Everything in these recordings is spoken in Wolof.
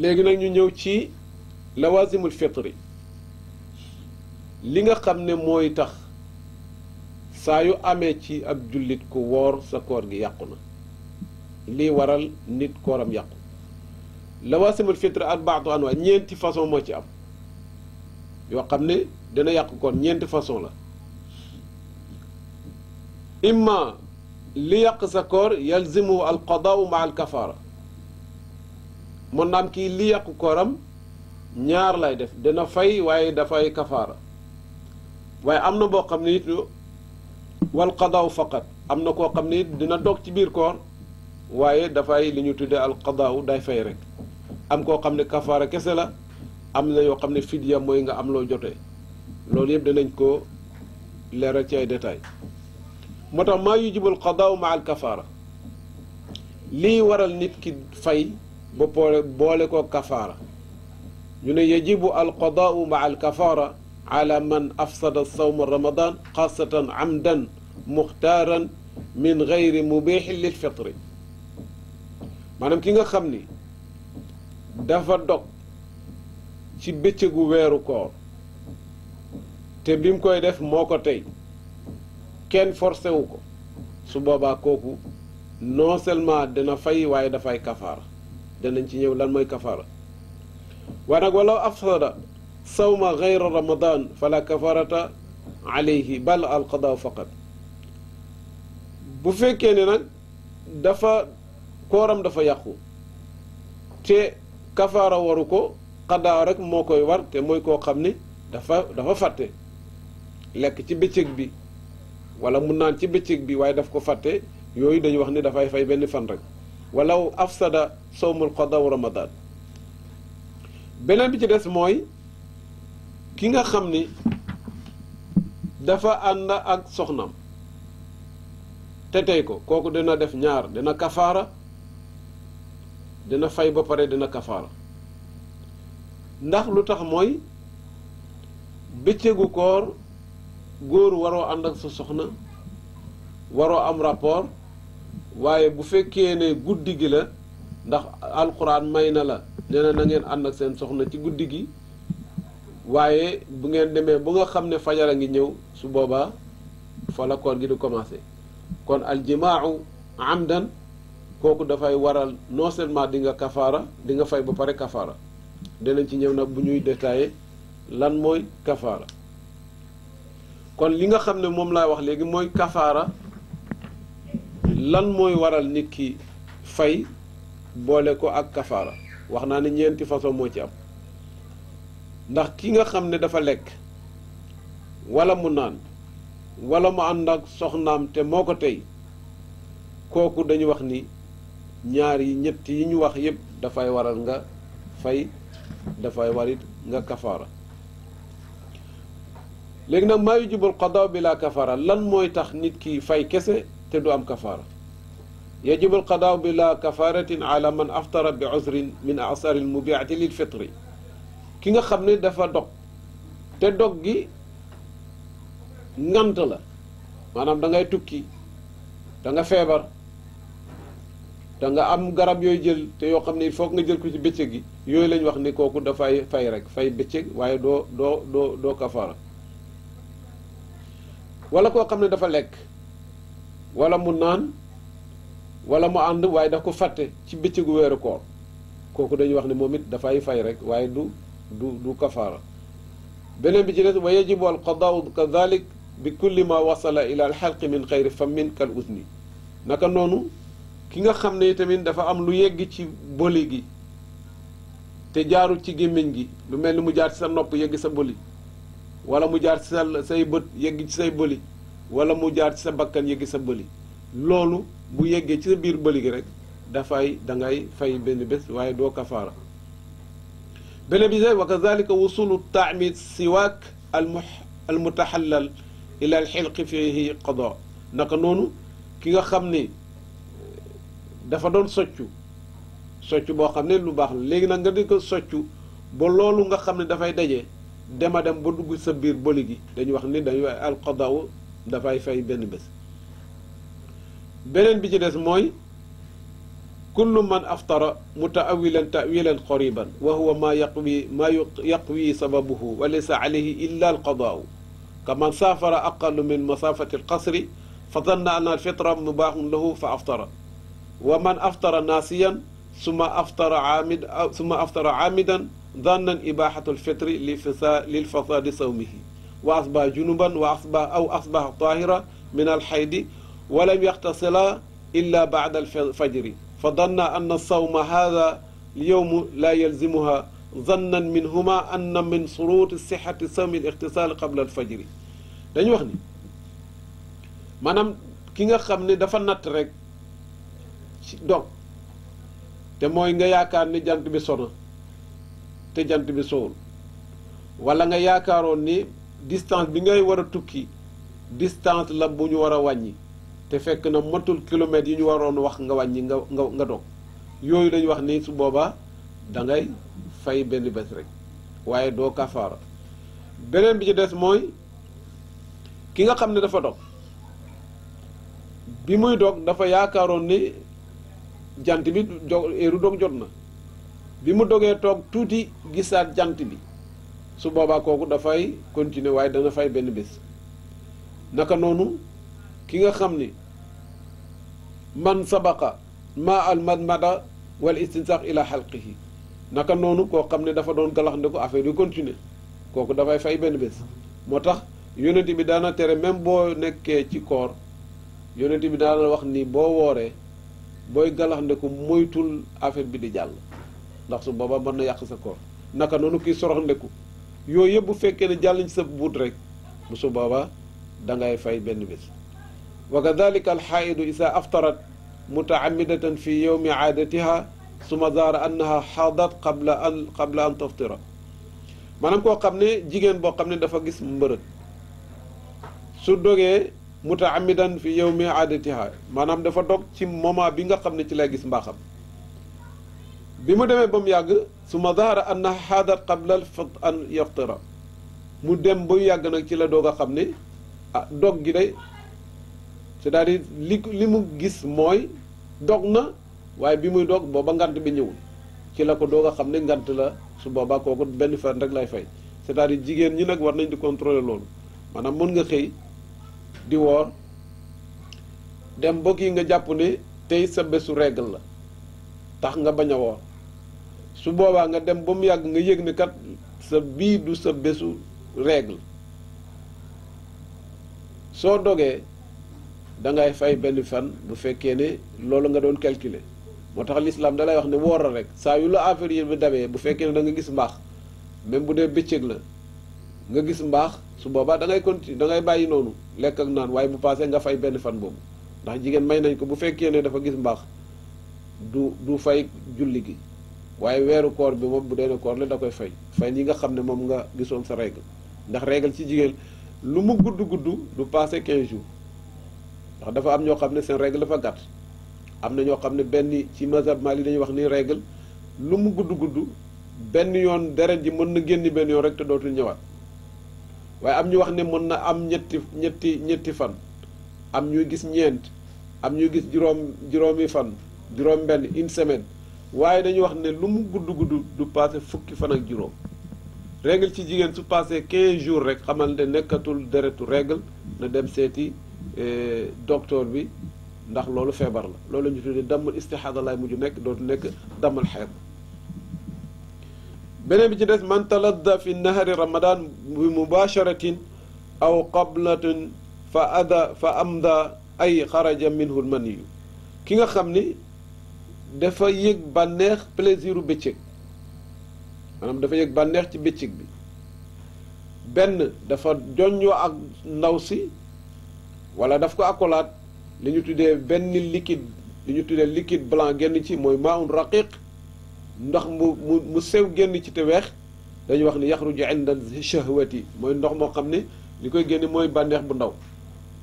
léegi nag ñu ñëw ci lawazimul fitri li nga xam ne mooy tax saa yu amee ci ab jullit ku woor sa koor gi yàqu na li waral nit kooram yàqu lawazimul fitri arbaatu anwa ñeenti façon moo ci am yoo xam ne dana yàqu koon ñeenti façon la imma li yàq sa koor yalzimu alqadaau ma alkafaara mën na am kii li yàqu kooram ñaar lay def dina fay waaye dafay kafaara waaye am na boo xam ne it wal qadaaw faqat am na koo xam ne dina doog ci biir koor waaye dafay li ñu tuddee al qadaaw day fay rek am koo xam ne kafaara kese la am na yoo xam ne fidya mooy nga am loo jotee loolu yëpp dinañ ko leeral ci ay détails moo tax maa yujibul qadaaw ma al kafaara lii waral nit ki fay ba boole ko koo kafaara ñu ne yajibu alqadaau maa alkafaara ala man afsada sawma ramadan xaasatan amdan muxtaaran min gayri mubixin lilfitri maanaam ki nga xam ni dafa dog ci bëccëgu weeru koor te bi mu koy def moo ko tey kenn forcé wu ko su boobaa kooku non seulement dina fay waaye dafay kafaara danañ ci ñëw lan mooy kafaara waaye nag walaw afsada sawma gayra ramadan fala kafarata alayhi bal alqada faqat bu fekkee ne nag dafa kooram dafa yàqu te kafaara waru ko xadaa rek moo koy war te mooy koo xam ne dafa dafa fàtte lekk ci bëccëg bi wala mun naan ci bëccëg bi waaye daf ko fàtte yooyu dañu wax ni dafay fay benn fan rek walaw afsada sawmul qada wa ramadan beneen bi ci des mooy ki nga xam ni dafa ànd ak soxnam te tey ko kooku dina def ñaar dina kafaara dina fay ba pare dina kafaara ndax lu tax mooy bëccëgu koor góor waroo ànd ak sa soxna waroo am rapport waaye bu fekkee ne guddi gi la ndax alxuraan may na la nee na ànd ak seen soxna ci guddi gi waaye bu ngeen demee bu nga xam ne fajar a ngi ñëw su boobaa fa gi di commencé kon aljimaau amdan kooku dafay waral non dinga di kafaara di nga fay ba pare kafaara dinañ ci ñëw na bu ñuy détaillé lan mooy kafaara kon li nga xam ne moom laay wax léegi mooy kafaara lan mooy waral nit ki fay boole ko ak kafaara wax naa ne ñeenti façon moo ci am ndax ki nga xam ne dafa lekk wala mu naan wala mu ànd ak soxnaam te moo ko tey kooku dañu wax ni ñaari yi ñett yi ñu wax yépp dafay waral nga fay dafay warit nga kafaara léegi nag maa yujibul qadaa bila kafaara lan mooy tax nit ki fay kese te du am kafaara yajibu alqadaau bila kafaaratin ala man aftara bi usrin min asari almubiati lil fitri ki nga xam ne dafa dog te dog gi ngant la maanaam dangay tukki danga feebar danga am garab yooyu jël te yoo xam ne il faut nga jël ko ci bëccëg gi yooyu lañ wax ni kooku dafay fay rek fay bëccëg waaye doo doo doo doo kafaara wala koo xam ne dafa lekk wala mu naan wala mu ànd waaye daf ko fàtte ci bëccëgu weeru koor kooku dañuy wax ne moom it dafay fay rek waaye du du du kafaara beneen bi ci des wa yajibu al qadaau kadalik bi kulli ma wasala ila al xalqi min xayri famin kal ni naka noonu ki nga xam ne tamit dafa am lu yegg ci boli gi te jaaru ci gémmiñ gi lu mel ni mu jaar ci sa nopp yegg sa boli wala mu jaar ci sa say bët yegg ci say boli wala mu jaar ci sa bakkan yegg sa boli loolu bu yeggee ci sa biir bëli gi rek dafay da ngay fay benn bés waaye doo kafaara beneen bi wa kazalika wusulu taamid siwaak al mutaxallal ila al xilqi fihi qada naka noonu ki nga xam ne dafa doon soccu soccu boo xam ne lu baax la léegi nag nga di ko soccu ba loolu nga xam ne dafay daje dema dem ba dugg sa biir bëli gi dañuy wax ni dañuy wax al qada dafay fay benn bés beneen bi ci des mooy kullu man aftara mutaawilan tawilan qariban wa huwa maa yaqwi maa yaqwi sababuhu wa laysa alayhi illa alqadaau kaman saafara aqalu min masafati alqasri fa danna anna alfitra mubaaxun lahu fa aftara wa man aftara naasiyan suma aftara aamid suma aftara aamidan dannan ibaaxatu alfitri lilfasaadi sawmihi wa asbaha junuban wa asbaha aw asbaha taahira min alxaydi ولم يغتسلا إلا بعد الفجر فظن أن الصوم هذا اليوم لا يلزمها ظنا منهما أن من شروط صحة صوم الاغتسال قبل الفجر dañu wax ni maanaam ki nga xam ne dafa natt rek ci te mooy nga yaakaar ni jant bi sona te jant bi sowul wala nga yaakaaroon ni distance bi ngay war a tukki distance la bu ñu war a wàññi te fekk na matul kilomètres yi ñu waroon wax nga wàññi nga nga nga doog yooyu dañuy wax ni su boobaa da ngay fay benn bés rek waaye doo kafaara beneen bi ci des mooy ki nga xam ne dafa dog bi muy dog dafa yaakaaroon ni jant bi do heure dog jot na bi mu dogee toog tuuti gisaat jant bi su boobaa kooku dafay continuer waaye dana fay benn bés naka noonu ki nga xam ni man sabaqa ma al madmada wal istinsaax ila xalqihi naka noonu koo xam ne dafa doon galax ndiku affaire yu continuer kooku dafay fay benn bés moo tax yonent bi daana tere même boo nekkee ci koor yonent bi daana wax ni boo wooree booy galax moytul affaire bi di jàll ndax su booba mën na yàq sa koor naka noonu kii sorox yooyu yëpp bu fekkee ne jàll ci sa buut rek bu su booba da ngay fay benn bés wa kadalika alxaaidu isaa aftarat mutaamidatan fi yowmi aadatiha suma zaara annaha xaadat qabla an qabla an taftira maanaam koo xam ne jigéen boo xam ne dafa gis mbërëg su dogee mutaamidan fi yow yowmi aadatiha maanaam dafa dog ci moment bi nga xam ne ci lay gis mbaaxam bi mu demee ba mu yàgg suma zaara annaha xaadat qabla an yaftira mu dem bu yàgg nag ci la doog a xam ne ah dog gi day cest à li mu gis mooy dog na waaye bi muy dog booba ngant bi ñëwul ci la ko doog a xam ne ngant la su boobaa kooku benn fan rek lay fay cest à jigéen ñi nag war nañ di contrôler loolu maanaam mën nga xëy di woor dem mbokk yi nga jàpp ne tey sa bésu règle la tax nga bañ a woor su boobaa nga dem ba mu yàgg nga yëg ne kat sa bii du sa bésu règle soo dogee da ngay fay benn fan bu fekkee ne loolu nga doon calculer moo tax lislaam da lay wax ne wooral rek saa yu la affaire yi bi demee bu fekkee ne da gis mbaax même bu dee bëccëg la nga gis mbaax su boobaa da ngay continuer da ngay bàyyi noonu lekk ak naan waaye bu paasee nga fay benn fan boobu ndax jigéen may nañ ko bu fekkee ne dafa gis mbaax du du fay julli gi waaye weeru koor bi moom bu dee ne koor la da koy fay fay yi nga xam ne moom nga gisoon sa règle ndax règle ci jigéen lu mu gudd gudd du passé 15 jours ndax dafa am ñoo xam ne seen règle dafa gàtt am na ñoo xam ne benn ci mazhab Maalik dañuy wax ni règle lu mu gudd gudd benn yoon deret yi mën na génn benn yoon rek te dootul ñëwaat waaye am ñu wax ne mën na am ñetti ñetti ñetti fan am ñuy gis ñeent am ñuy gis juróom juróomi fan juróom benn une semaine waaye dañu wax ne lu mu gudd gudd du passé fukki fan ak juróom règle ci jigéen su passé quinze jours rek xamal ne nekkatul deretu règle na dem seeti E, docteur bi ndax loolu feebar la loolu la ñu tuddee dammul istixaada laay mujj nekk dootu nekk dammal xeet beneen bi ci des man taladda fi nahari ramadan bi mubasharatin aw qablatin fa ada fa amda ay xaraja minhu maniyu ki nga xam ni dafa yëg bànneex plaisiru bëccëg maanaam dafa yëg bànneex ci bëccëg bi benn dafa joññoo ak ndaw si wala daf ko akolaat li ñu tuddee benn liquide li ñu tuddee liquide blanc génn ci mooy maaun raqiq ndox mu mu sew génn ci te weex dañuy wax ni yaxruju inda yi mooy ndox moo xam ne li koy génne mooy bànneex bu ndaw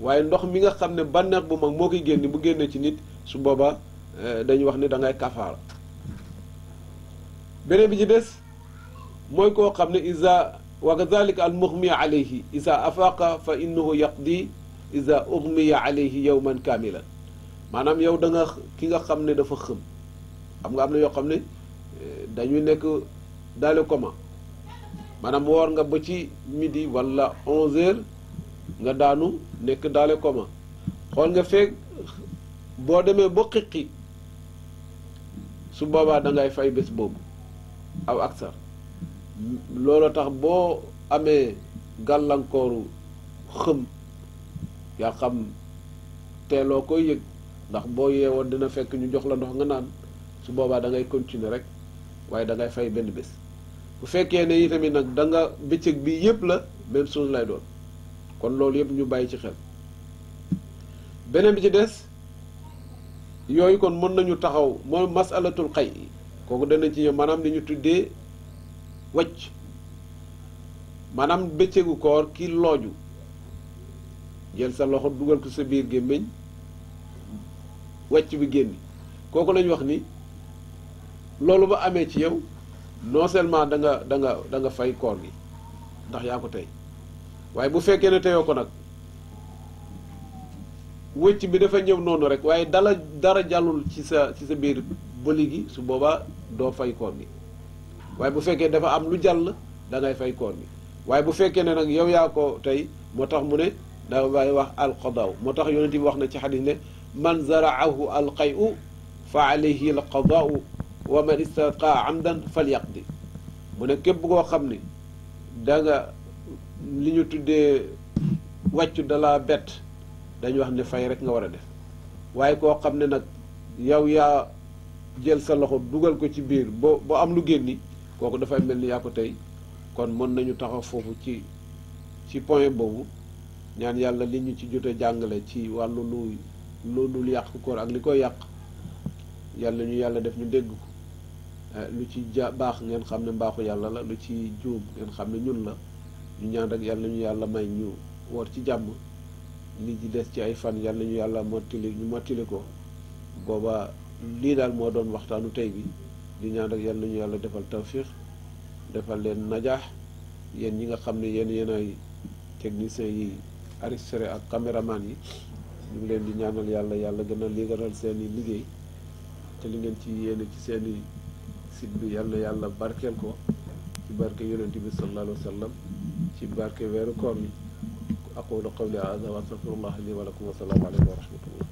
waaye ndox mi nga xam ne bànneex bu mag moo koy génne bu génnee ci nit su booba eh, dañuy wax ni dangay ngay kafaara beneen bi ci des mooy koo xam ne isa wa kadalika al muxmi alayhi isa afaqa fa innahu yaqdi iza ughmiya alayhi yawman kaamilan maanaam yow da nga ki nga xam ne dafa xëm xam nga am na yoo xam ne dañuy nekk daale coma maanaam woor nga ba ci midi wala 11 heures nga daanu nekk daale coma xool nga feeg boo demee ba xiqi su boobaa da ngay fay bés boobu aw aksar loolu tax boo amee gàllankooru xëm yaa xam teeloo koy yëg ndax boo yeewoon dina fekk ñu jox la ndox nga naan su boobaa da ngay continuer rek waaye da fay benn bés bu fekkee ne itamit nag danga nga bëccëg bi yëpp la même chose lay doon kon loolu yëpp ñu bàyyi ci xel beneen bi ci des yooyu kon mën nañu taxaw mooy masalatul xay kooku danañ ci ñëw maanaam li ñu tuddee wacc maanaam bëccëgu koor ki looju jël sa loxo dugal ko sa biir gémmiñ wàcc bi génn kooku lañ wax ni loolu ba amee ci yow non seulement da nga da nga fay koor gi ndax yaa ko tey waaye bu fekkee ne teyoo ko nag wecc bi dafa ñëw noonu rek waaye dala dara jàllul ci sa ci sa biir bëli gi su boobaa doo fay koor gi waaye bu fekkee dafa am lu jàll da ngay fay koor gi waaye bu fekkee ne nag yow yaa ko tey moo tax mu ne dafa bàyyi wax alqadaaw moo tax yonent bi wax na ci xadis ne man zaraahu alqayu fa alayhi alqadaau wa man istataa amdan falyaqdi mu ne képp koo xam ne danga li ñu tuddee wàccu dala bett dañu wax ne fay rek nga war a def waaye koo xam ne nag yow yaa jël sa loxo dugal ko ci biir boo boo am lu génni kooku dafay mel ni yaa ko tey kon mën nañu taxaw foofu ci ci point boobu ñaan yàlla li ñu ci jot jàngale ci wàllu lu lu dul yàq koor ak li koy yàq yàlla ñu yàlla def ñu dégg ko eh, lu ci ja baax ngeen xam ne mbaaxu yàlla la lu ci juum ngeen xam ne ñun la ñu ñaan rek yàlla ñu yàlla may ñu woor ci jàmm li ci des ci ay fan yàlla ñu yàlla mottili ñu mottili ko booba lii daal moo doon waxtaanu tey bi di ñaan rek yàlla ñu yàlla defal tawfiq defal leen najaa yéen ñi nga xam ne yenn yéen ay techniciens yi enregistré ak caméraman yi ñu ngi leen di ñaanal yàlla yàlla gën a liggéeyal seen i liggéey te li ngeen ci yéene ci seeni i site bi yàlla yàlla barkeel ko ci barke yonent bi sallallahu wa sallam ci barke weeru koor yi aqulu qawli hada wa astaghfirullah li wa lakum wa salaamu aleykum wa rahmatullah